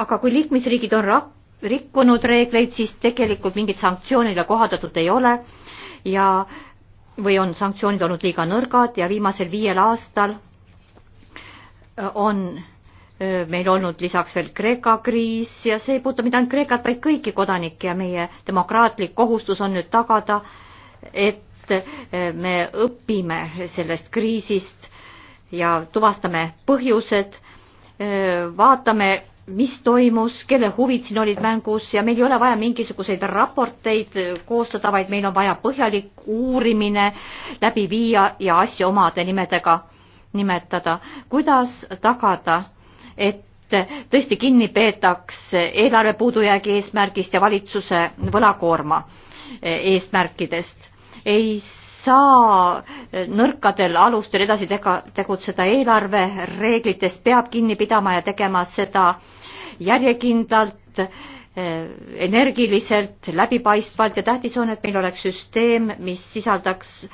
aga kui liikmesriigid on rak-, rikkunud reegleid, siis tegelikult mingit sanktsioonile kohaldatud ei ole ja või on sanktsioonid olnud liiga nõrgad ja viimasel viiel aastal on meil olnud lisaks veel Kreeka kriis ja see ei puuduta mitte ainult Kreekat, vaid kõiki kodanikke ja meie demokraatlik kohustus on nüüd tagada, et me õpime sellest kriisist ja tuvastame põhjused, vaatame, mis toimus, kelle huvid siin olid mängus ja meil ei ole vaja mingisuguseid raporteid koostada, vaid meil on vaja põhjalik uurimine läbi viia ja asju omade nimedega nimetada. kuidas tagada, et tõesti kinni peetaks eelarve puudujäägi eesmärgist ja valitsuse võlakoorma eesmärkidest? ei saa nõrkadel alustel edasi tega, tegutseda, eelarvereeglitest peab kinni pidama ja tegema seda äh, järjekindlalt, eh, energiliselt, läbipaistvalt ja tähtis on, et meil oleks süsteem, mis sisaldaks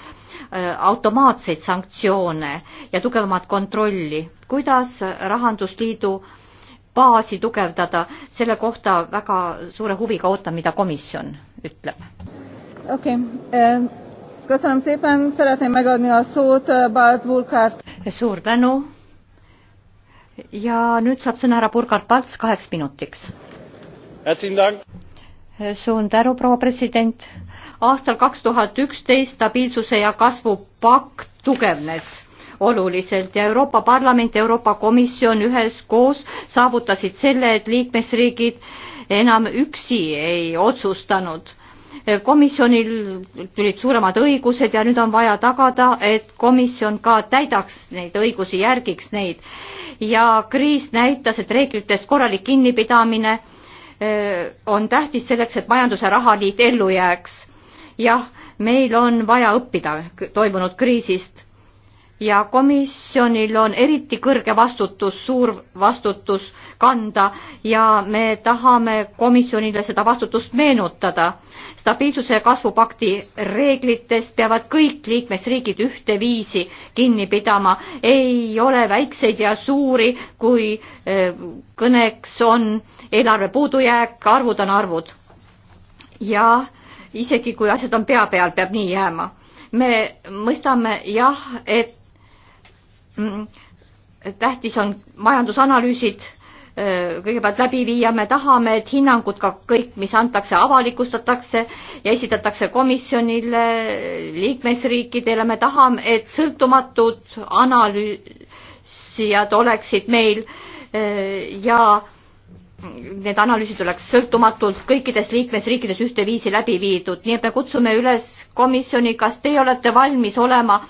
eh, automaatseid sanktsioone ja tugevamat kontrolli. kuidas Rahandusliidu baasi tugevdada, selle kohta väga suure huviga ootan, mida komisjon ütleb. okei okay., eh, köszönöm szépen, szeretném megadni a szót Bart Vulkart. suur tänu ja nüüd saab sõna härra Burkhard Palts kaheks minutiks. suur tänu, proua president. aastal kaks tuhat üksteist stabiilsuse ja kasvu pakt tugevnes oluliselt ja Euroopa Parlament ja Euroopa Komisjon üheskoos saavutasid selle, et liikmesriigid enam üksi ei otsustanud komisjonil tulid suuremad õigused ja nüüd on vaja tagada, et komisjon ka täidaks neid õigusi, järgiks neid. ja kriis näitas, et reeglitest korralik kinnipidamine äh, on tähtis selleks, et majandus- ja rahaliit ellu jääks. jah, meil on vaja õppida toimunud kriisist ja komisjonil on eriti kõrge vastutus, suur vastutus kanda ja me tahame komisjonile seda vastutust meenutada. stabiilsuse ja kasvupakti reeglitest peavad kõik liikmesriigid ühteviisi kinni pidama, ei ole väikseid ja suuri, kui eh, kõneks on eelarve puudujääk, arvud on arvud. ja isegi kui asjad on pea peal, peab nii jääma me mõistame jah, et tähtis on majandusanalüüsid äh, kõigepealt läbi viia, me tahame, et hinnangud ka kõik, mis antakse, avalikustatakse ja esitatakse komisjonile, liikmesriikidele, me tahame, et sõltumatud analüüsijad oleksid meil äh, ja need analüüsid oleks sõltumatult kõikides liikmesriikides ühteviisi läbi viidud, nii et me kutsume üles komisjoni, kas teie olete valmis olema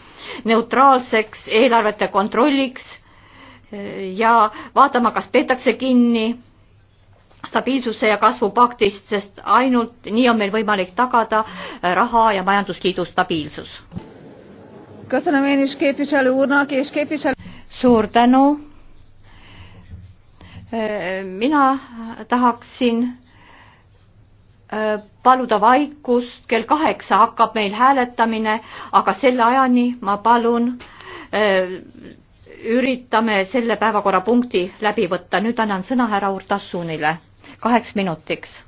neutraalseks eelarvete kontrolliks eh, ja vaatama, kas peetakse kinni stabiilsuse ja kasvu paktist, sest ainult nii on meil võimalik tagada eh, raha ja majandusliidu stabiilsus. suur tänu mina tahaksin äh, paluda vaikust, kell kaheksa hakkab meil hääletamine, aga selle ajani ma palun äh, üritame selle päevakorrapunkti läbi võtta. nüüd annan sõna härra Urtasunile kaheks minutiks.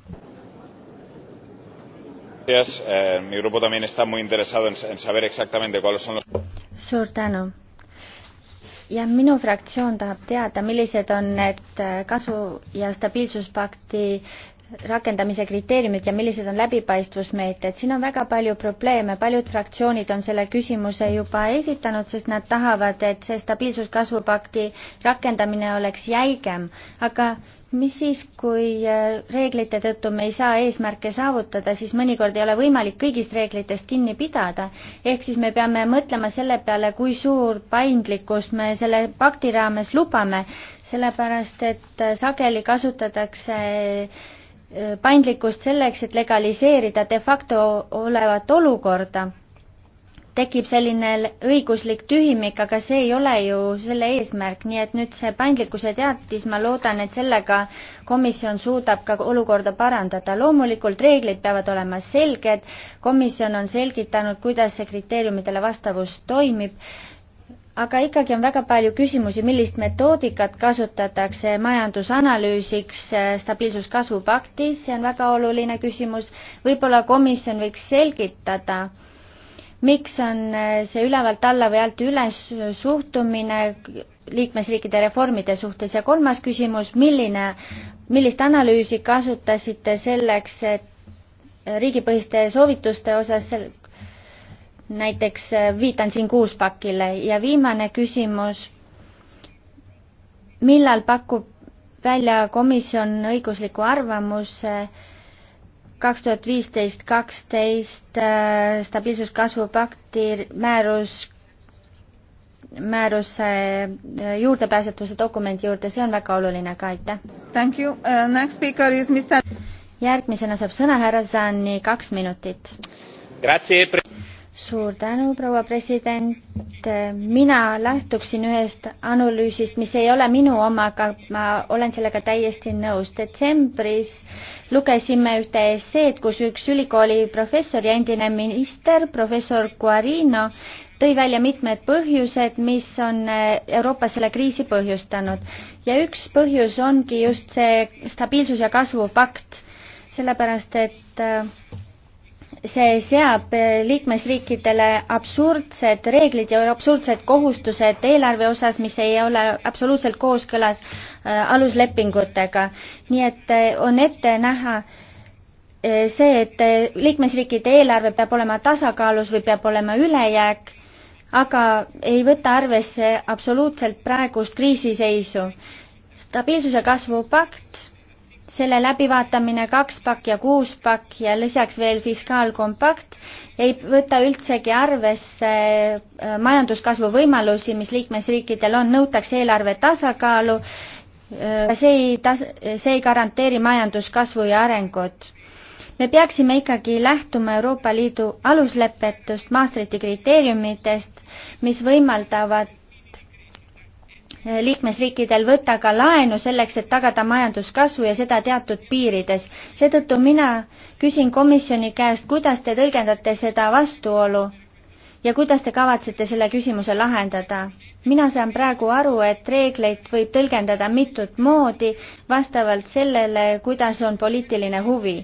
Eh, suur tänu ja minu fraktsioon tahab teada, millised on need äh, kasu- ja stabiilsuspakti rakendamise kriteeriumid ja millised on läbipaistvusmeetmed, siin on väga palju probleeme, paljud fraktsioonid on selle küsimuse juba esitanud, sest nad tahavad, et see stabiilsuskasvupakti rakendamine oleks jäigem, aga mis siis, kui äh, reeglite tõttu me ei saa eesmärke saavutada, siis mõnikord ei ole võimalik kõigist reeglitest kinni pidada. ehk siis me peame mõtlema selle peale, kui suur paindlikkust me selle pakti raames lubame, sellepärast et äh, sageli kasutatakse äh, paindlikkust selleks, et legaliseerida de facto olevat olukorda tekib selline õiguslik tühimik, aga see ei ole ju selle eesmärk, nii et nüüd see paindlikkuse teatis, ma loodan, et sellega komisjon suudab ka olukorda parandada. loomulikult reeglid peavad olema selged, komisjon on selgitanud, kuidas see kriteeriumidele vastavus toimib, aga ikkagi on väga palju küsimusi, millist metoodikat kasutatakse majandusanalüüsiks eh, stabiilsuskasvupaktis, see on väga oluline küsimus, võib-olla komisjon võiks selgitada miks on eh, see ülevalt alla või alt üles suhtumine liikmesriikide reformide suhtes ja kolmas küsimus, milline, millist analüüsi kasutasite selleks, et riigipõhiste soovituste osas näiteks eh, viitan siin kuuspakile ja viimane küsimus. millal pakub välja komisjon õigusliku arvamuse äh, kaks tuhat viisteist kaksteist äh, stabiilsuskasvupakti määrus, määruse äh, juurdepääsetuse dokumendi juurde, see on väga oluline ka, aitäh. Thank you uh,, next speaker is Mr. järgmisena saab sõna härra Zanni, kaks minutit. Grazie suur tänu, proua president. mina lähtuksin ühest analüüsist, mis ei ole minu oma, aga ma olen sellega täiesti nõus. detsembris lugesime ühte esseed, kus üks ülikooli professor ja endine minister, professor Guarino, tõi välja mitmed põhjused, mis on eh, Euroopas selle kriisi põhjustanud. ja üks põhjus ongi just see stabiilsus- ja kasvupakt, sellepärast et eh, see seab eh, liikmesriikidele absurdsed reeglid ja absurdsed kohustused eelarve osas, mis ei ole absoluutselt kooskõlas eh, aluslepingutega. nii et eh, on ette näha see, et liikmesriikide eelarve peab olema tasakaalus või peab olema ülejääk, aga ei võta arvesse absoluutselt praegust kriisiseisu. stabiilsuse kasvupakt selle läbivaatamine kaks pakk ja kuus pakk ja lisaks veel fiskaalkompakt ei võta üldsegi arvesse äh, majanduskasvu võimalusi, mis liikmesriikidel on, nõutakse eelarve tasakaalu, äh, see ei tas-, see ei garanteeri majanduskasvu ja arengut. me peaksime ikkagi lähtuma Euroopa Liidu aluslepetust, Maastrichti kriteeriumitest, mis võimaldavad Eh, liikmesriikidel võtta ka laenu selleks, et tagada majanduskasvu ja seda teatud piirides. seetõttu mina küsin komisjoni käest, kuidas te tõlgendate seda vastuolu ja kuidas te kavatsete selle küsimuse lahendada? mina saan praegu aru, et reegleid võib tõlgendada mitut moodi vastavalt sellele, kuidas on poliitiline huvi.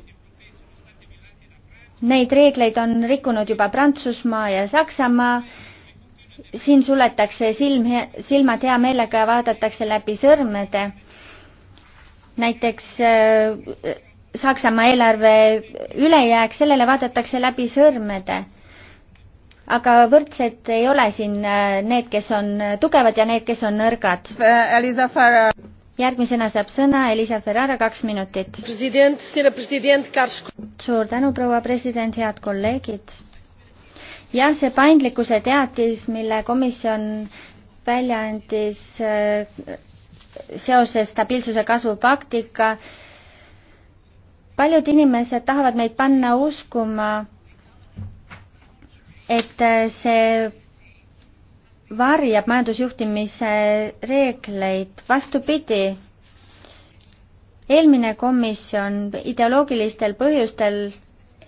Neid reegleid on rikkunud juba Prantsusmaa ja Saksamaa siin suletakse silm, silmad hea meelega ja vaadatakse läbi sõrmede. näiteks äh, Saksamaa eelarve ülejääk, sellele vaadatakse läbi sõrmede. aga võrdsed ei ole siin äh, need, kes on äh, tugevad ja need, kes on nõrgad. järgmisena saab sõna Elisa Ferrara, kaks minutit. suur tänu, proua president, head kolleegid jah, see paindlikkuse teatis, mille komisjon välja andis äh, seoses stabiilsuse kasvupaktika, paljud inimesed tahavad meid panna uskuma, et äh, see varjab majandusjuhtimise reegleid, vastupidi, eelmine komisjon ideoloogilistel põhjustel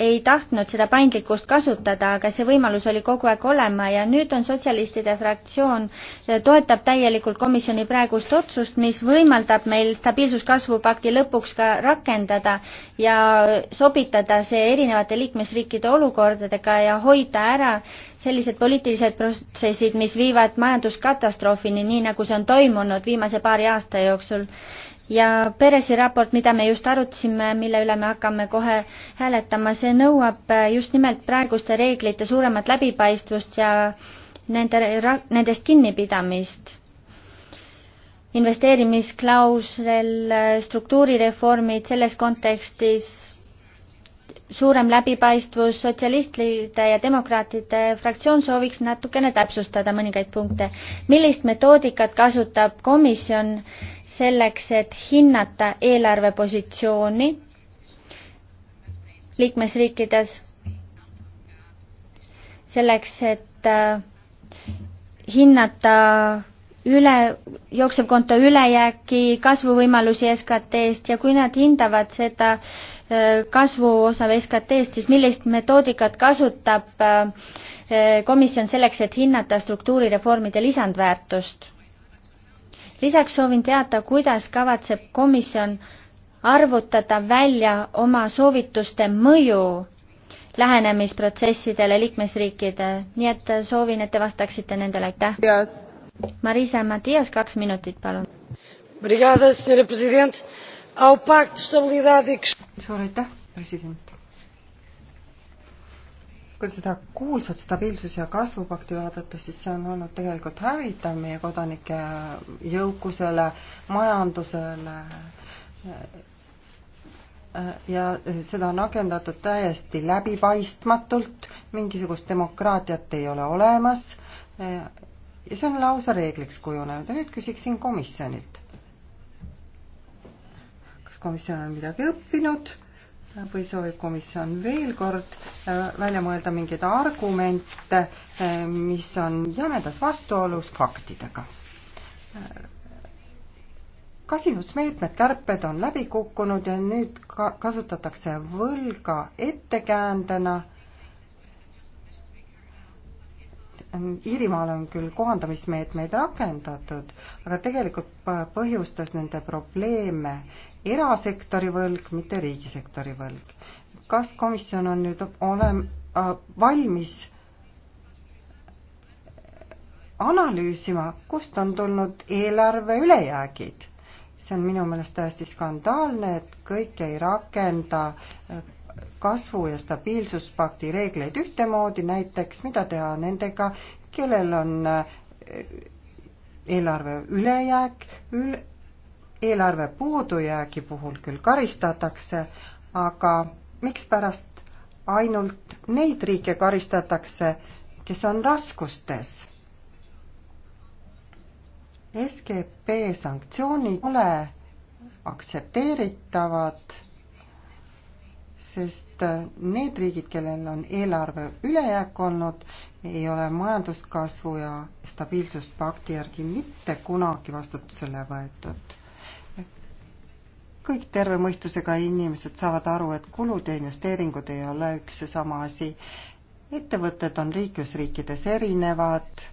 ei tahtnud seda paindlikkust kasutada, aga see võimalus oli kogu aeg olema ja nüüd on sotsialistide fraktsioon, eh, toetab täielikult komisjoni praegust otsust, mis võimaldab meil stabiilsuskasvupakti lõpuks ka rakendada ja sobitada see erinevate liikmesriikide olukordadega ja hoida ära sellised poliitilised protsessid, mis viivad majanduskatastroofini, nii nagu see on toimunud viimase paari aasta jooksul ja Peresi raport, mida me just arutasime, mille üle me hakkame kohe hääletama, see nõuab äh, just nimelt praeguste reeglite suuremat läbipaistvust ja nende, nendest kinnipidamist. investeerimisklausel, äh, struktuurireformid selles kontekstis, suurem läbipaistvus, sotsialistide ja demokraatide fraktsioon sooviks natukene täpsustada mõningaid punkte. millist metoodikat kasutab komisjon äh, selleks, et hinnata eelarvepositsiooni liikmesriikides, selleks, et äh, hinnata üle, jooksevkonto ülejääki, kasvuvõimalusi SKT-st ja kui nad hindavad seda äh, kasvu osa SKT-st, siis millist metoodikat kasutab äh, komisjon selleks, et hinnata struktuurireformide lisandväärtust lisaks soovin teada, kuidas kavatseb komisjon arvutada välja oma soovituste mõju lähenemisprotsessidele liikmesriikide, nii et soovin, et te vastaksite nendele, aitäh yes.. Marisa Matias, kaks minutit, palun. suur e aitäh, president kui seda kuulsat stabiilsus- ja kasvupakti vaadata, siis see on olnud tegelikult hävitav meie kodanike jõukusele, majandusele ja seda on rakendatud täiesti läbipaistmatult, mingisugust demokraatiat ei ole olemas ja see on lausa reegliks kujunenud ja nüüd küsiksin komisjonilt. kas komisjon on midagi õppinud? või soovib komisjon veel kord äh, välja mõelda mingeid argumente, äh, mis on jämedas vastuolus faktidega? Äh, kasinusmeetmed, kärped on läbi kukkunud ja nüüd ka kasutatakse võlga ettekäändena Iirimaal on küll kohandamismeetmeid rakendatud, aga tegelikult põhjustas nende probleeme erasektori võlg, mitte riigisektori võlg. kas komisjon on nüüd olem- äh,, valmis analüüsima, kust on tulnud eelarve ülejäägid? see on minu meelest täiesti skandaalne, et kõike ei rakenda kasvu- ja stabiilsuspakti reegleid ühtemoodi, näiteks mida teha nendega, kellel on äh, eelarve ülejääk ül,, eelarve puudujäägi puhul küll karistatakse, aga mikspärast ainult neid riike karistatakse, kes on raskustes? SGP sanktsioonid pole aktsepteeritavad sest äh, need riigid, kellel on eelarve ülejääk olnud, ei ole majanduskasvu ja stabiilsuspakti järgi mitte kunagi vastutusele võetud. kõik terve mõistusega inimesed saavad aru, et kulud ja investeeringud ei ole üks ja sama asi. ettevõtted on liikmesriikides erinevad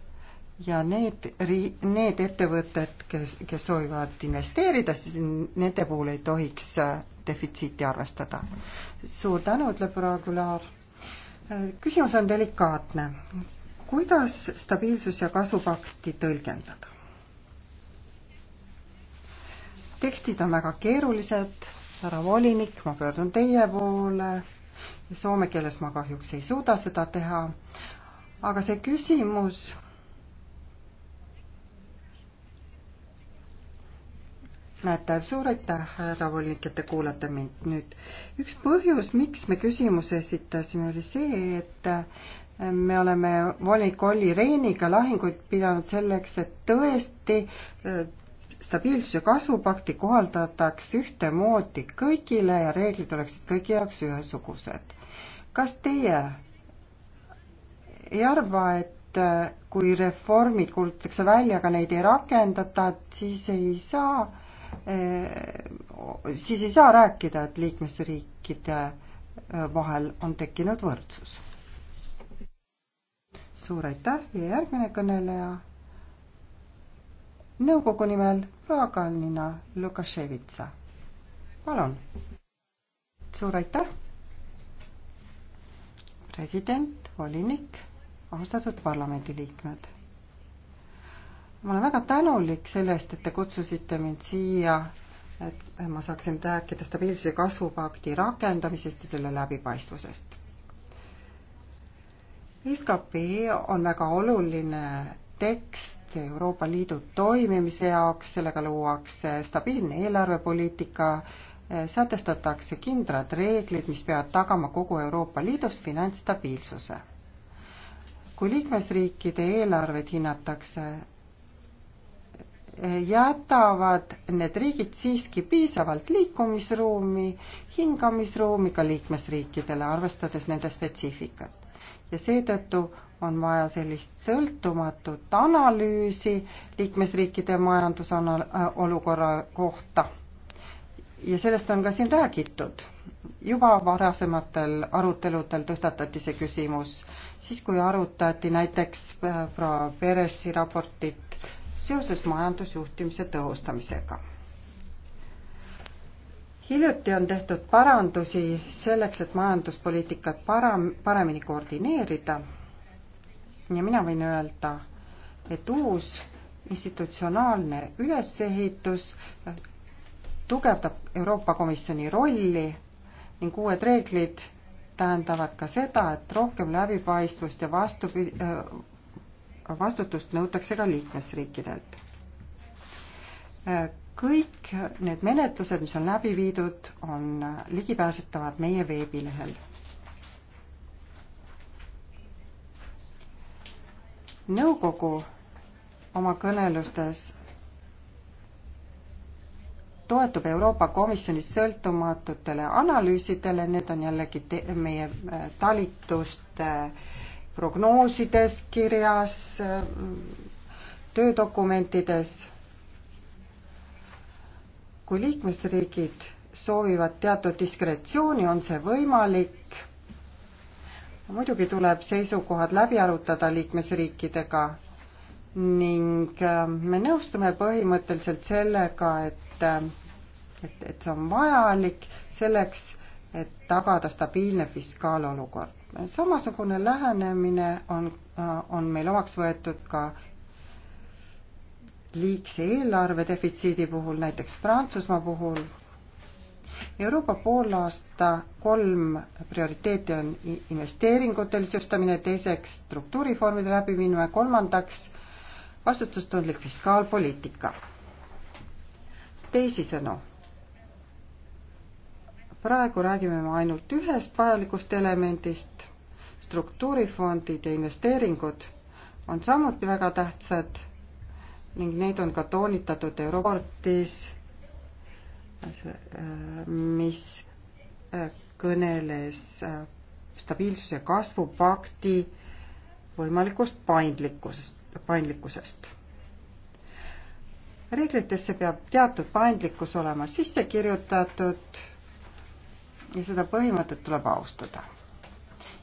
ja need, need ettevõtted, kes, kes soovivad investeerida, siis nende puhul ei tohiks äh, defitsiiti arvestada. suur tänu, ütleb Raagulaar. Äh, küsimus on delikaatne. kuidas stabiilsus- ja kasvupakti tõlgendada? tekstid on väga keerulised, härra volinik, ma pöördun teie poole, soome keeles ma kahjuks ei suuda seda teha, aga see küsimus näete, suur aitäh, härra volinik, et te kuulate mind nüüd. üks põhjus, miks me küsimuse esitasime, oli see, et äh, me oleme volinik Olli Rehniga lahinguid pidanud selleks, et tõesti äh, stabiilsuse kasvupakti kohaldataks ühtemoodi kõigile ja reeglid oleksid kõigi jaoks ühesugused. kas teie ei arva, et äh, kui reformid kuulutatakse välja, aga neid ei rakendata, et siis ei saa Äh, siis ei saa rääkida, et liikmesriikide äh, vahel on tekkinud võrdsus. suur aitäh ja järgmine kõneleja nõukogu nimel proua Kalnina Lukaševitsa. palun. suur aitäh. president, volinik, austatud parlamendiliikmed ma olen väga tänulik selle eest, et te kutsusite mind siia, et ma saaksin rääkida stabiilsuse kasvupakti rakendamisest ja selle läbipaistvusest. SKP on väga oluline tekst Euroopa Liidu toimimise jaoks, sellega luuakse stabiilne eelarvepoliitika, sätestatakse kindlad reeglid, mis peavad tagama kogu Euroopa Liidus finantsstabiilsuse. kui liikmesriikide eelarveid hinnatakse jätavad need riigid siiski piisavalt liikumisruumi, hingamisruumi ka liikmesriikidele, arvestades nende spetsiifikat. ja seetõttu on vaja sellist sõltumatut analüüsi liikmesriikide majandusolukorra äh, kohta. ja sellest on ka siin räägitud. juba varasematel aruteludel tõstatati see küsimus, siis kui arutati näiteks proua äh, Peresi raportit seoses majandusjuhtimise tõhustamisega. hiljuti on tehtud parandusi selleks, et majanduspoliitikat para-, paremini koordineerida ja mina võin öelda, et uus institutsionaalne ülesehitus tugevdab Euroopa Komisjoni rolli ning uued reeglid tähendavad ka seda, et rohkem läbipaistvust ja vastupi-, vastutust nõutakse ka liikmesriikidelt. kõik need menetlused, mis on läbi viidud, on ligipääsetavad meie veebilehel. nõukogu oma kõnelustes toetub Euroopa Komisjonis sõltumatutele analüüsidele, need on jällegi te, meie äh, talituste äh, prognoosides kirjas, töödokumentides. kui liikmesriigid soovivad teatud diskretsiooni, on see võimalik. muidugi tuleb seisukohad läbi arutada liikmesriikidega ning äh, me nõustume põhimõtteliselt sellega, et, äh, et, et see on vajalik selleks, et tagada stabiilne fiskaalolukord samasugune lähenemine on, äh, on meil omaks võetud ka liigse eelarve defitsiidi puhul, näiteks Prantsusmaa puhul. Euroopa poolaasta kolm prioriteeti on investeeringute lihtsustamine, teiseks struktuurifondide läbiviimine, kolmandaks vastutustundlik fiskaalpoliitika. teisisõnu praegu räägime me ainult ühest vajalikust elemendist, struktuurifondid ja investeeringud on samuti väga tähtsad ning neid on ka toonitatud Europortis, mis äh, kõneles äh, stabiilsuse kasvupakti võimalikust paindlikkusest, paindlikkusest. reeglitesse peab teatud paindlikkus olema sisse kirjutatud ja seda põhimõtet tuleb austada.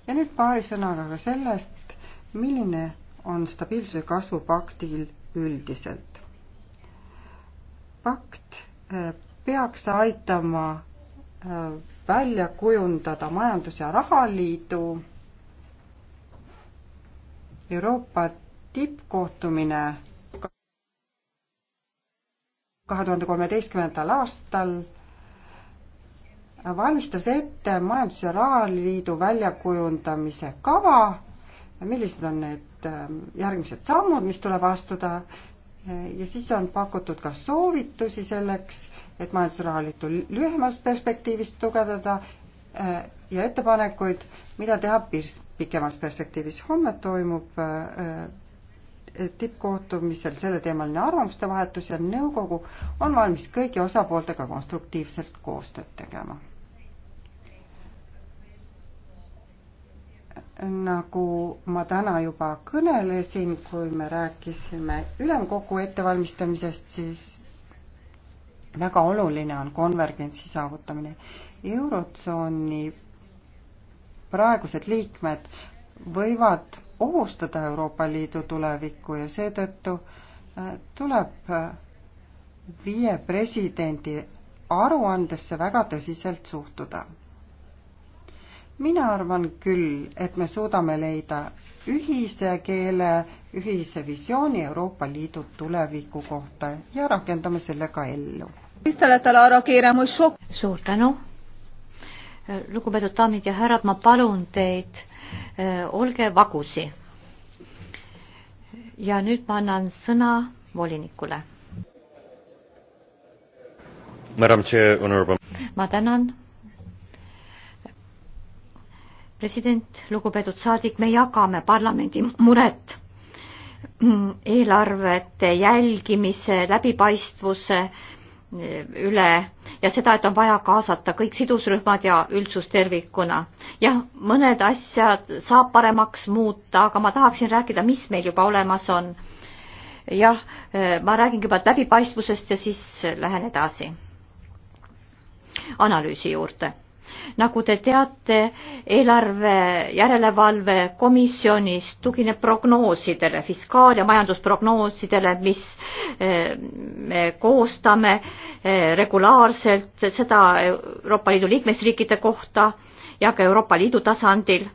ja nüüd paari sõnaga ka sellest, milline on stabiilsuse kasvupaktil üldiselt. pakt äh, peaks aitama äh, välja kujundada majandus- ja rahaliidu. Euroopa tippkohtumine kahe tuhande kolmeteistkümnendal aastal valmistas ette Majandus- ja Rahaliidu väljakujundamise kava, millised on need ähm, järgmised sammud, mis tuleb astuda ja siis on pakutud ka soovitusi selleks, et Majandus- ja Rahaliitu lühemas perspektiivis tugevdada äh, ja ettepanekuid, mida teha pis-, pikemas perspektiivis. homme toimub äh, tippkohtumisel selleteemaline arvamuste vahetus ja nõukogu on valmis kõigi osapooltega konstruktiivselt koostööd tegema nagu ma täna juba kõnelesin, kui me rääkisime ülemkogu ettevalmistamisest, siis väga oluline on konvergentsi saavutamine. eurotsooni praegused liikmed võivad ohustada Euroopa Liidu tulevikku ja seetõttu äh, tuleb äh, viie presidendi aruandesse väga tõsiselt suhtuda mina arvan küll, et me suudame leida ühise keele, ühise visiooni Euroopa Liidu tuleviku kohta ja rakendame selle ka ellu. suur tänu. lugupeetud daamid ja härrad, ma palun teid, äh, olge vagusi. ja nüüd ma annan sõna volinikule. ma tänan president, lugupeetud saadik, me jagame parlamendi muret eelarvete jälgimise, läbipaistvuse e, üle ja seda, et on vaja kaasata kõik sidusrühmad ja üldsus tervikuna. jah, mõned asjad saab paremaks muuta, aga ma tahaksin rääkida, mis meil juba olemas on. jah, e, ma räägin kõigepealt läbipaistvusest ja siis lähen edasi analüüsi juurde nagu te teate, eelarve järelevalve komisjonis tugineb prognoosidele, fiskaal- ja majandusprognoosidele, mis eh, me koostame eh, regulaarselt, seda Euroopa Liidu liikmesriikide kohta ja ka Euroopa Liidu tasandil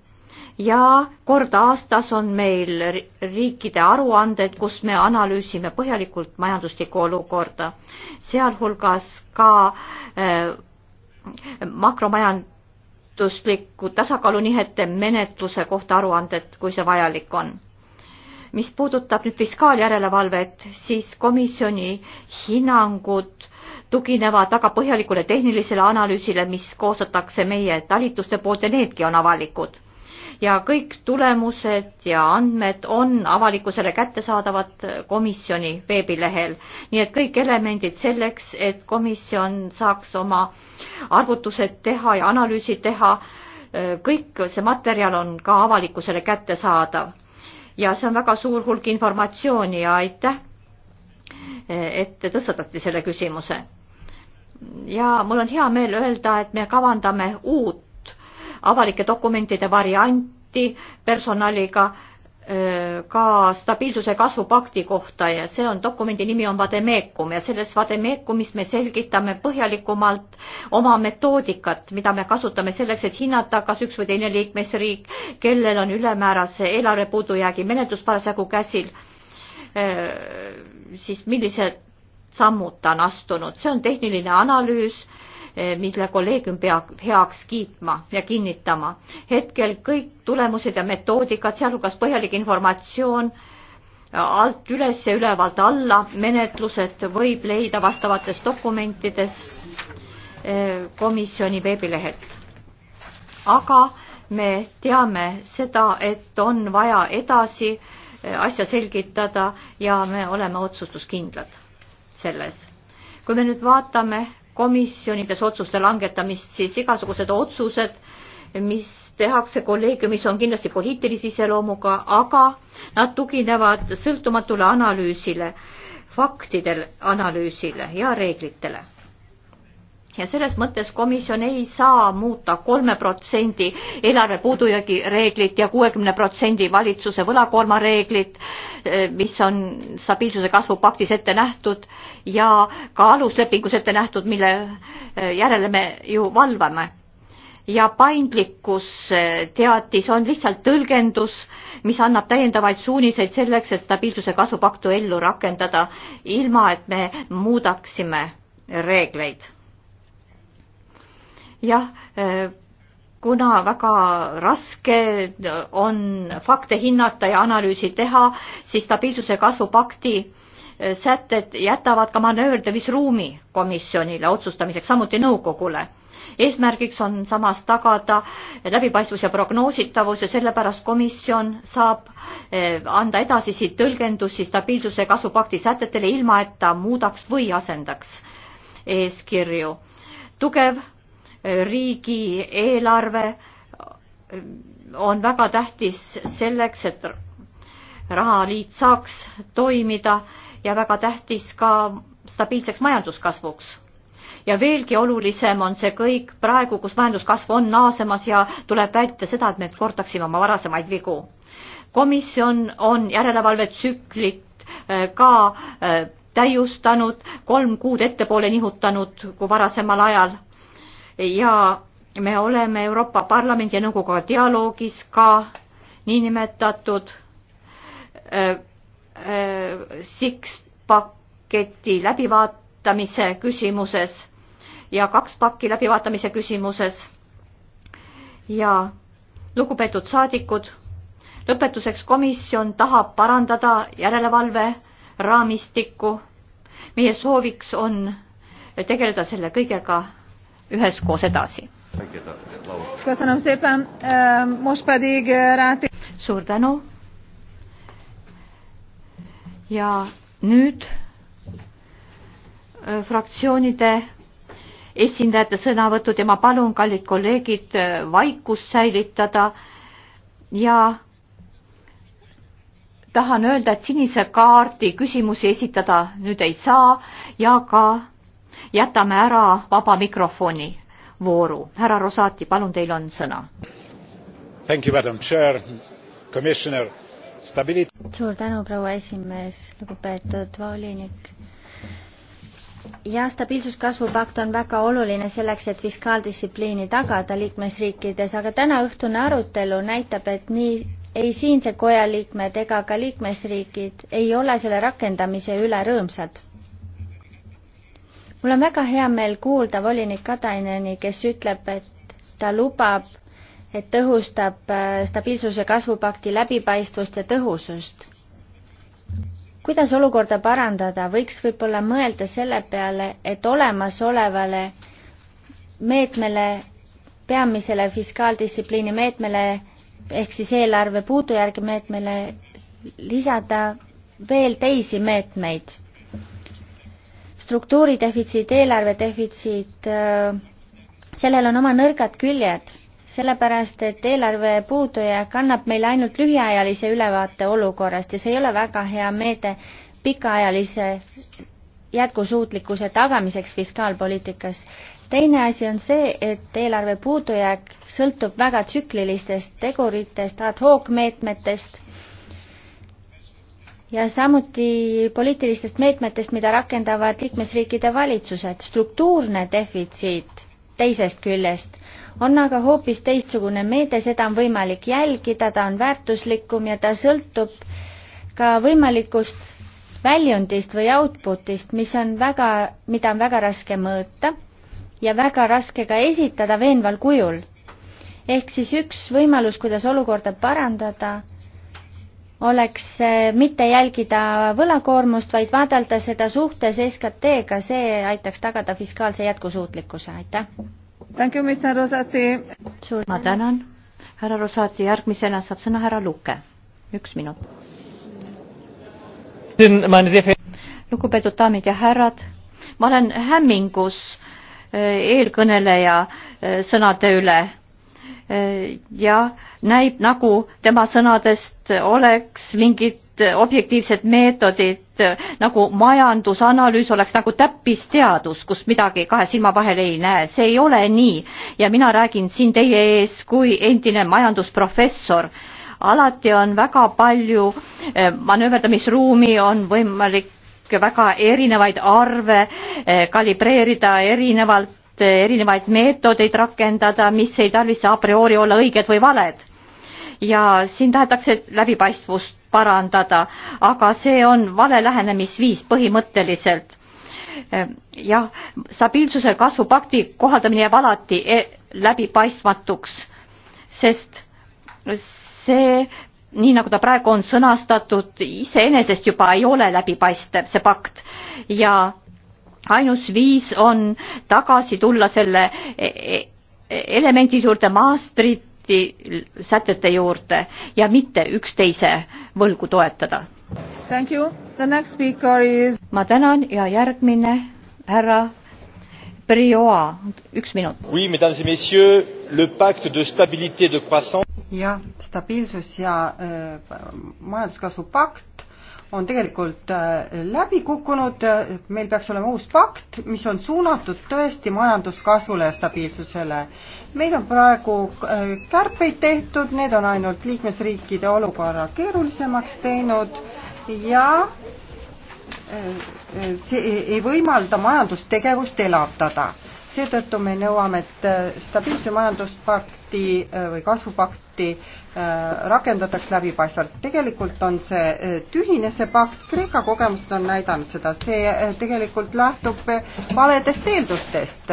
ja kord aastas on meil riikide aruanded, kus me analüüsime põhjalikult majanduslikku olukorda, sealhulgas ka eh, makromajandusliku tasakaalunihete menetluse kohta aruandet, kui see vajalik on. mis puudutab nüüd fiskaaljärelevalvet, siis komisjoni hinnangud tuginevad väga põhjalikule tehnilisele analüüsile, mis koostatakse meie talituste poolt ja needki on avalikud ja kõik tulemused ja andmed on avalikkusele kättesaadavad komisjoni veebilehel. nii et kõik elemendid selleks, et komisjon saaks oma arvutused teha ja analüüsid teha, kõik see materjal on ka avalikkusele kättesaadav. ja see on väga suur hulk informatsiooni ja aitäh, et te tõstatate selle küsimuse ja mul on hea meel öelda, et me kavandame uut avalike dokumentide varianti personaliga ka stabiilsuse kasvupakti kohta ja see on, dokumendi nimi on Vademeekum ja selles Vademeekumis me selgitame põhjalikumalt oma metoodikat, mida me kasutame selleks, et hinnata, kas üks või teine liikmesriik, kellel on ülemäärase eelarve puudujäägi menetlus parasjagu käsil, siis millised sammud ta on astunud, see on tehniline analüüs Eh, mille kolleegium peab heaks kiitma ja kinnitama. hetkel kõik tulemused ja metoodikad, sealhulgas põhjalik informatsioon eh, alt üles ja ülevalt alla menetlused võib leida vastavates dokumentides eh, komisjoni veebilehelt. aga me teame seda, et on vaja edasi asja selgitada ja me oleme otsustuskindlad selles. kui me nüüd vaatame komisjonides otsuste langetamist, siis igasugused otsused, mis tehakse kolleegiumis, on kindlasti poliitilise iseloomuga, aga nad tuginevad sõltumatule analüüsile, faktidel analüüsile ja reeglitele ja selles mõttes komisjon ei saa muuta kolme protsendi eelarve puudujäägi reeglit ja kuuekümne protsendi valitsuse võlakoorma reeglit, eh, mis on stabiilsuse kasvupaktis ette nähtud ja ka aluslepingus ette nähtud, mille eh, järele me ju valvame. ja paindlikkus teatis on lihtsalt tõlgendus, mis annab täiendavaid suuniseid selleks, et stabiilsuse kasvupaktu ellu rakendada, ilma et me muudaksime reegleid jah, eh, kuna väga raske on fakte hinnata ja analüüsi teha, siis stabiilsuse kasvupakti eh, sätted jätavad ka manööverdamisruumi komisjonile otsustamiseks, samuti nõukogule. eesmärgiks on samas tagada läbipaistvus ja prognoositavus ja sellepärast komisjon saab eh, anda edasisi tõlgendusi stabiilsuse kasvupakti sätetele, ilma et ta muudaks või asendaks eeskirju. tugev riigieelarve on väga tähtis selleks, et rahaliit saaks toimida ja väga tähtis ka stabiilseks majanduskasvuks. ja veelgi olulisem on see kõik praegu, kus majanduskasv on naasemas ja tuleb vältida seda, et me kordaksime oma varasemaid vigu. komisjon on järelevalvetsüklit äh, ka äh, täiustanud, kolm kuud ettepoole nihutanud kui varasemal ajal ja me oleme Euroopa Parlamendi ja nõukoguga dialoogis ka niinimetatud äh, äh, six paketi läbivaatamise küsimuses ja kaks pakki läbivaatamise küsimuses. ja lugupeetud saadikud, lõpetuseks komisjon tahab parandada järelevalve raamistikku. meie sooviks on tegeleda selle kõigega üheskoos edasi. suur tänu. ja nüüd fraktsioonide esindajate sõnavõtud ja ma palun, kallid kolleegid, vaikust säilitada ja tahan öelda, et sinise kaardi küsimusi esitada nüüd ei saa ja ka jätame ära vaba mikrofoni vooru. härra Rosati, palun, teil on sõna. suur tänu, proua esimees, lugupeetud volinik jah, stabiilsuskasvupakt on väga oluline selleks, et fiskaaldistsipliini tagada liikmesriikides, aga tänaõhtune arutelu näitab, et nii ei siinse koja liikmed ega ka liikmesriigid ei ole selle rakendamise üle rõõmsad mul on väga hea meel kuulda volinik Kataineni, kes ütleb, et ta lubab, et tõhustab äh, stabiilsuse kasvupakti läbipaistvust ja tõhusust. kuidas olukorda parandada, võiks võib-olla mõelda selle peale, et olemasolevale meetmele, peamisele fiskaaldistsipliini meetmele ehk siis eelarve puudujärgi meetmele lisada veel teisi meetmeid struktuuridefitsiit, eelarvedefitsiit, äh, sellel on oma nõrgad küljed, sellepärast et eelarve puudujääk annab meile ainult lühiajalise ülevaate olukorrast ja see ei ole väga hea meede pikaajalise jätkusuutlikkuse tagamiseks fiskaalpoliitikas. teine asi on see, et eelarve puudujääk sõltub väga tsüklilistest teguritest, ad hoc meetmetest ja samuti poliitilistest meetmetest, mida rakendavad liikmesriikide valitsused. struktuurne defitsiit teisest küljest on aga hoopis teistsugune meede, seda on võimalik jälgida, ta on väärtuslikum ja ta sõltub ka võimalikust väljundist või output'ist, mis on väga, mida on väga raske mõõta ja väga raske ka esitada veenval kujul. ehk siis üks võimalus, kuidas olukorda parandada oleks eh, mitte jälgida võlakoormust, vaid vaadelda seda suhtes SKT-ga, see aitaks tagada fiskaalse jätkusuutlikkuse, aitäh. ma tänan, härra Rosati, järgmisena saab sõna härra Luke, üks minut. lugupeetud daamid ja härrad, ma olen hämmingus eh, eelkõneleja eh, sõnade üle Äh, ja näib nagu tema sõnadest oleks mingid objektiivsed meetodid nagu majandusanalüüs oleks nagu täppisteadus, kus midagi kahe silma vahel ei näe, see ei ole nii ja mina räägin siin teie ees kui endine majandusprofessor alati on väga palju äh, manööverdamisruumi, on võimalik väga erinevaid arve äh, kalibreerida erinevalt et eh, erinevaid meetodeid rakendada, mis ei tarvitse a priori olla õiged või valed. ja siin tahetakse läbipaistvust parandada, aga see on vale lähenemisviis põhimõtteliselt. Eh, jah, stabiilsuse kasvupakti kohaldamine jääb alati eh, läbipaistmatuks, sest see, nii nagu ta praegu on sõnastatud, iseenesest juba ei ole läbipaistev, see pakt ja ainus viis on tagasi tulla selle e- e- elemendi juurde, Maastrichti sätete juurde ja mitte üksteise võlgu toetada. Is... ma tänan ja järgmine härra Brioa, üks minut. Oui, mesdames et messieurs, le pacte de stabilité de croissance. jah, stabiilsus ja öö, äh, majanduskasvu pakt on tegelikult äh, läbi kukkunud, meil peaks olema uus pakt, mis on suunatud tõesti majanduskasvule ja stabiilsusele. meil on praegu äh, kärpeid tehtud, need on ainult liikmesriikide olukorra keerulisemaks teinud ja äh, see ei võimalda majandustegevust elavdada seetõttu me nõuame, et äh, stabiilse majanduspakti äh, või kasvupakti äh, rakendataks läbipaistvalt. tegelikult on see tühine, see pakt, Kreeka kogemused on näidanud seda, see tegelikult lähtub valedest eeldustest.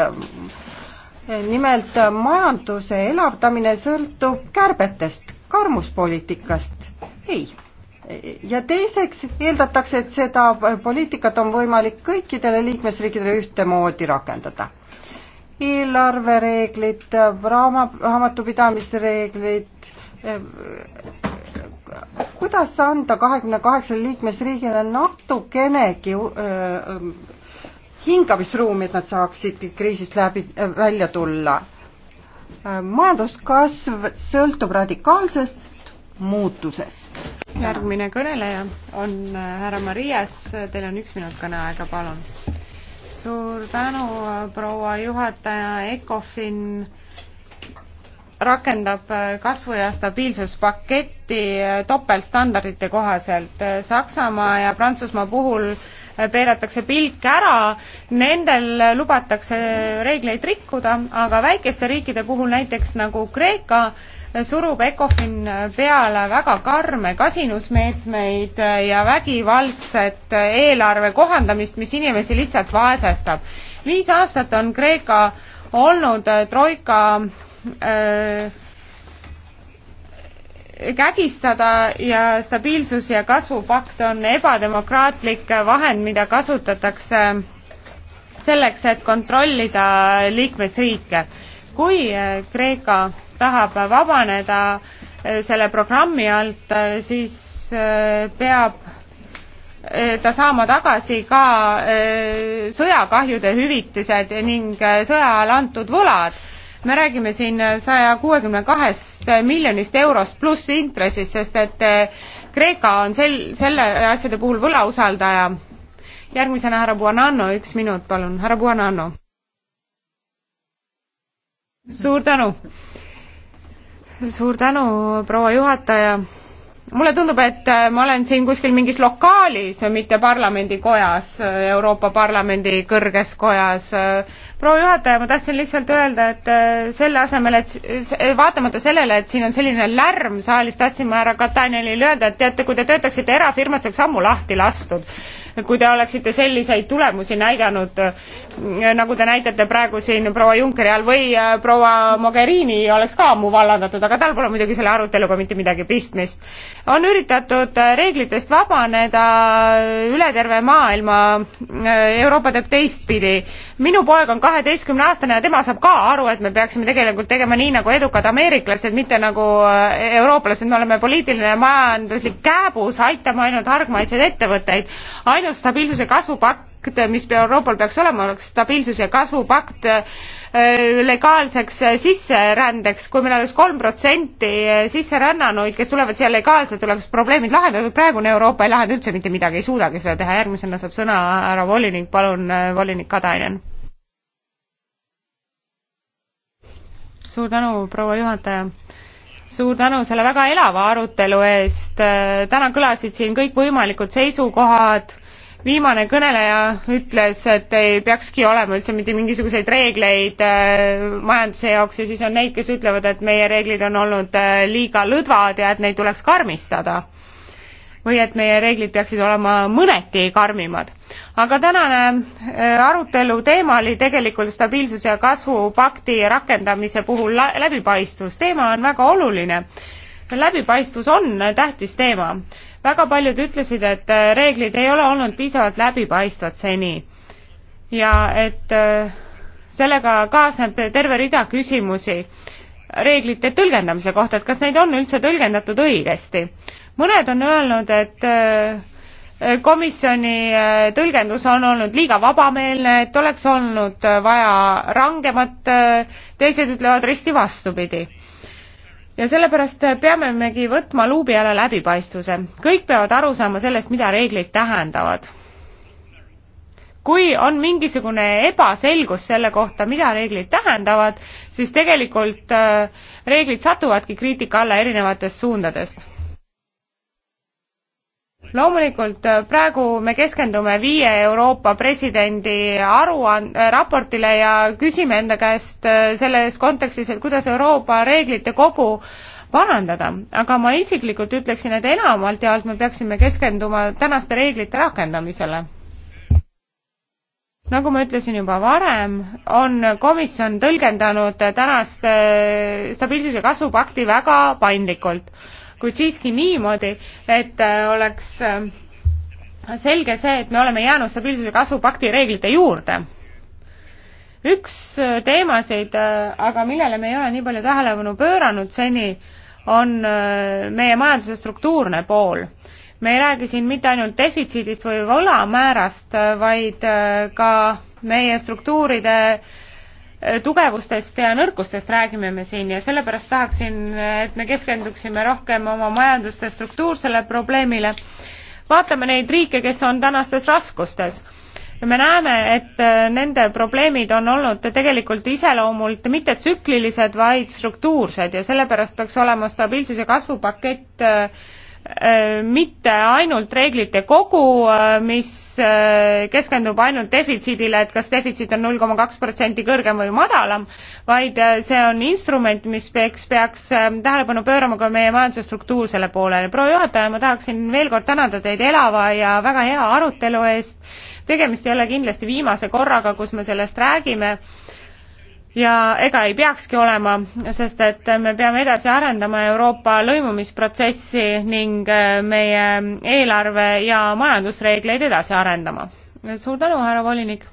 nimelt majanduse elavdamine sõltub kärbetest, karmuspoliitikast. ei ja teiseks eeldatakse, et seda poliitikat on võimalik kõikidele liikmesriikidele ühtemoodi rakendada eelarvereeglid, raama, raamatupidamisreeglid, eh, kuidas anda kahekümne kaheksale liikmesriigile natukenegi eh, hingamisruumi, et nad saaksid kriisist läbi, eh, välja tulla? majanduskasv sõltub radikaalsest muutusest. järgmine kõneleja on härra Marias, teil on üks minut kõneaega, palun suur tänu, proua juhataja, ECOFIN rakendab kasvu- ja stabiilsuspaketti topeltstandardite kohaselt. Saksamaa ja Prantsusmaa puhul pööratakse pilk ära, nendel lubatakse reegleid rikkuda, aga väikeste riikide puhul, näiteks nagu Kreeka, surub Ecofin peale väga karme kasinusmeetmeid ja vägivaldset eelarve kohandamist, mis inimesi lihtsalt vaesestab. viis aastat on Kreeka olnud troika öö, äh, kägistada ja stabiilsus ja kasvupakt on ebademokraatlik vahend, mida kasutatakse selleks, et kontrollida liikmesriike. kui äh, Kreeka tahab vabaneda äh, selle programmi alt, äh, siis peab ta saama tagasi ka sõjakahjude hüvitised ning sõja ajal antud võlad me räägime siin saja kuuekümne kahest miljonist eurost pluss intressist, sest et eh, Kreeka on sel, selle asjade puhul võlausaldaja. järgmisena härra Buonanno, üks minut, palun, härra Buonanno. suur tänu. suur tänu, proua juhataja mulle tundub, et äh, ma olen siin kuskil mingis lokaalis, mitte parlamendikojas, äh, Euroopa Parlamendi kõrges kojas. Äh, proua juhataja, ma tahtsin lihtsalt öelda, et selle asemel, et vaatamata sellele, et siin on selline lärm saalis, tahtsin ma härra Katanjanile öelda, et teate, kui te töötaksite erafirmas, oleks ammu lahti lastud kui te oleksite selliseid tulemusi näidanud, äh, nagu te näitate praegu siin proua Junckeri all või äh, proua Mogherini oleks ka ammu vallandatud, aga tal pole muidugi selle aruteluga mitte midagi pistmist. on üritatud äh, reeglitest vabaneda üle terve maailma, Euroopa teeb teistpidi minu poeg on kaheteistkümne aastane ja tema saab ka aru, et me peaksime tegelikult tegema nii nagu edukad ameeriklased, mitte nagu äh, eurooplased, me oleme poliitiline ja majanduslik kääbus, aitame ainult hargmaiseid ettevõtteid. ainus stabiilsuse kasvupakt, mis Euroopal peaks olema, oleks stabiilsus ja kasvupakt äh, Äh, legaalseks äh, sisserändeks, kui meil oleks kolm protsenti äh, sisserännanuid, kes tulevad siia legaalselt, oleks probleemid lahendatud, praegune Euroopa ei lahenda üldse mitte midagi, ei suudagi seda teha, järgmisena saab sõna härra volinik, palun, volinik Katainen. suur tänu, proua juhataja suur tänu selle väga elava arutelu eest, täna kõlasid siin kõikvõimalikud seisukohad viimane kõneleja ütles, et ei peakski olema üldse mitte mingisuguseid reegleid äh, majanduse jaoks ja siis on neid, kes ütlevad, et meie reeglid on olnud äh, liiga lõdvad ja et neid tuleks karmistada. või et meie reeglid peaksid olema mõneti karmimad. aga tänane äh, arutelu teema oli tegelikult stabiilsuse ja kasvu pakti rakendamise puhul läbipaistvus. teema on väga oluline. läbipaistvus on tähtis teema väga paljud ütlesid, et äh, reeglid ei ole olnud piisavalt läbipaistvad seni ja et äh, sellega kaasneb terve rida küsimusi reeglite tõlgendamise kohta, et kas neid on üldse tõlgendatud õigesti. mõned on öelnud, et äh, komisjoni tõlgendus on olnud liiga vabameelne, et oleks olnud vaja rangemat, teised ütlevad risti vastupidi ja sellepärast peamegi võtma luubi alla läbipaistvuse. kõik peavad aru saama sellest, mida reeglid tähendavad. kui on mingisugune ebaselgus selle kohta, mida reeglid tähendavad, siis tegelikult äh, reeglid satuvadki kriitika alla erinevatest suundadest loomulikult äh, praegu me keskendume viie Euroopa presidendi aruand-, äh, raportile ja küsime enda käest äh, selles kontekstis, et kuidas Euroopa reeglite kogu parandada, aga ma isiklikult ütleksin, et enamalt jaolt me peaksime keskenduma tänaste reeglite rakendamisele nagu ma ütlesin juba varem, on komisjon tõlgendanud tänast stabiilsuse kasvupakti väga paindlikult kuid siiski niimoodi, et äh, oleks äh, selge see, et me oleme jäänud stabiilsuse kasvupakti reeglite juurde. üks äh, teemasid, aga millele me ei ole nii palju tähelepanu pööranud seni, on meie majanduse struktuurne pool. me ei räägi siin mitte ainult defitsiidist või võlamäärast, vaid ka meie struktuuride äh, tugevustest ja nõrkustest räägime me siin ja sellepärast tahaksin, et me keskenduksime rohkem oma majanduste struktuursele probleemile. vaatame neid riike, kes on tänastes raskustes ja me näeme, et nende probleemid on olnud tegelikult iseloomult mitte tsüklilised, vaid struktuursed ja sellepärast peaks olema stabiilsus- ja kasvupakett Äh, mitte ainult reeglite kogu, äh, mis äh, keskendub ainult defitsiidile, et kas defitsiit on null koma kaks protsenti kõrgem või madalam, vaid see on instrument, mis peaks, peaks tähelepanu pöörama ka meie majanduse struktuursele poolele. proua juhataja, ma tahaksin veel kord tänada teid elava ja väga hea arutelu eest. tegemist ei ole kindlasti viimase korraga, kus me sellest räägime ja ega ei peakski olema, sest et me peame edasi arendama Euroopa lõimumisprotsessi ning äh, meie eelarve ja majandusreegleid edasi arendama. suur tänu, härra volinik!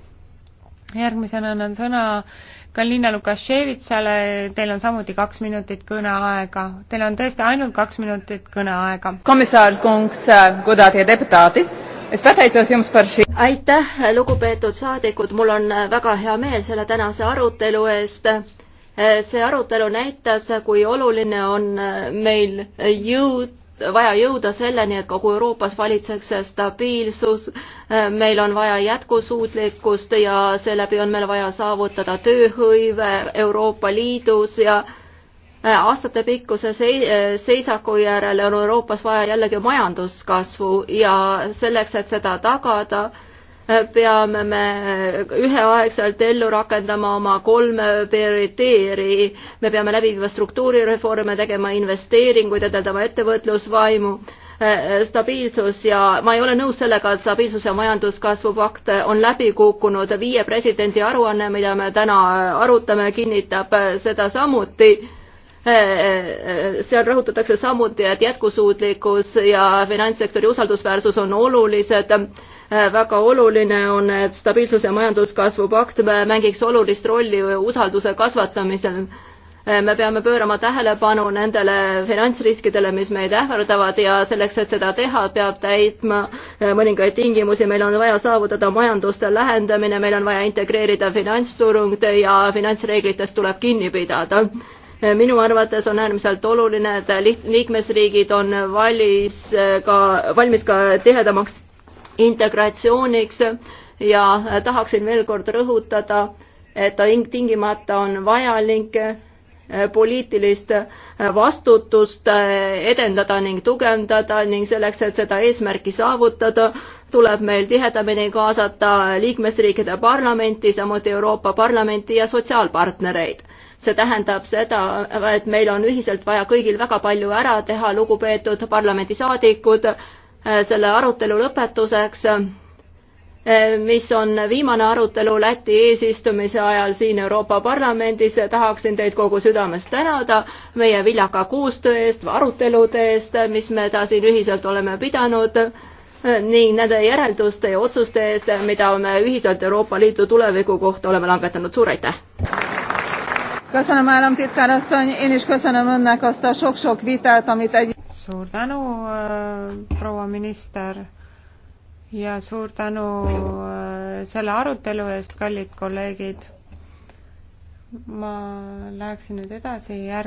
järgmisena annan sõna Kalina Lukaševitšale, teil on samuti kaks minutit kõneaega. Teil on tõesti ainult kaks minutit kõneaega. komissar Kungs, kodade äh, deputaadid aitäh, lugupeetud saadikud, mul on väga hea meel selle tänase arutelu eest. see arutelu näitas, kui oluline on meil jõud vaja jõuda selleni, et kogu Euroopas valitseks stabiilsus, meil on vaja jätkusuutlikkust ja seeläbi on meil vaja saavutada tööhõive Euroopa Liidus ja äh, Äh, aastatepikkuse äh, seisaku järel on Euroopas vaja jällegi majanduskasvu ja selleks, et seda tagada, äh, peame me üheaegselt ellu rakendama oma kolme prioriteeri. me peame läbi viima struktuurireforme, tegema investeeringuid, edendama ettevõtlusvaimu, stabiilsus ja ma ei ole nõus sellega, et stabiilsus ja majanduskasvu pakt on läbi kukkunud. viie presidendi aruanne, mida me täna arutame, kinnitab seda samuti Äh, äh, äh, seal rõhutatakse samuti, et jätkusuutlikkus ja finantssektori usaldusväärsus on olulised. väga oluline on, et stabiilsus- ja majanduskasvu pakt mängiks olulist rolli usalduse kasvatamisel. me peame pöörama tähelepanu nendele finantsriskidele, mis meid ähvardavad ja selleks, et seda teha, peab täitma mõningaid tingimusi, meil on vaja saavutada majanduste lähendamine, meil on vaja integreerida finantsturud ja finantsreeglitest tuleb kinni pidada minu arvates on äärmiselt oluline, et liikmesriigid on valis äh, ka, valmis ka tihedamaks integratsiooniks ja tahaksin veel kord rõhutada, et ta tingimata on vajalik äh, poliitilist äh, vastutust edendada ning tugevdada ning selleks, et seda eesmärki saavutada, tuleb meil tihedamini kaasata liikmesriikide parlamenti, samuti Euroopa Parlamenti ja sotsiaalpartnereid see tähendab seda, et meil on ühiselt vaja kõigil väga palju ära teha, lugupeetud parlamendisaadikud, äh, selle arutelu lõpetuseks, äh, mis on viimane arutelu Läti eesistumise ajal siin Euroopa Parlamendis, tahaksin teid kogu südamest tänada meie viljaka koostöö eest, arutelude eest, mis me ta siin ühiselt oleme pidanud äh, ning nende järelduste ja otsuste eest, mida me ühiselt Euroopa Liidu tuleviku kohta oleme langetanud. suur aitäh! köszönöm államtitkár asszony én is köszönöm önnek azt a sok sok vitát amit egy. suur tänu proua minister ja suur tänu selle arutelu eest kallid kolleegid ma läheksin nüüd edasi järgmise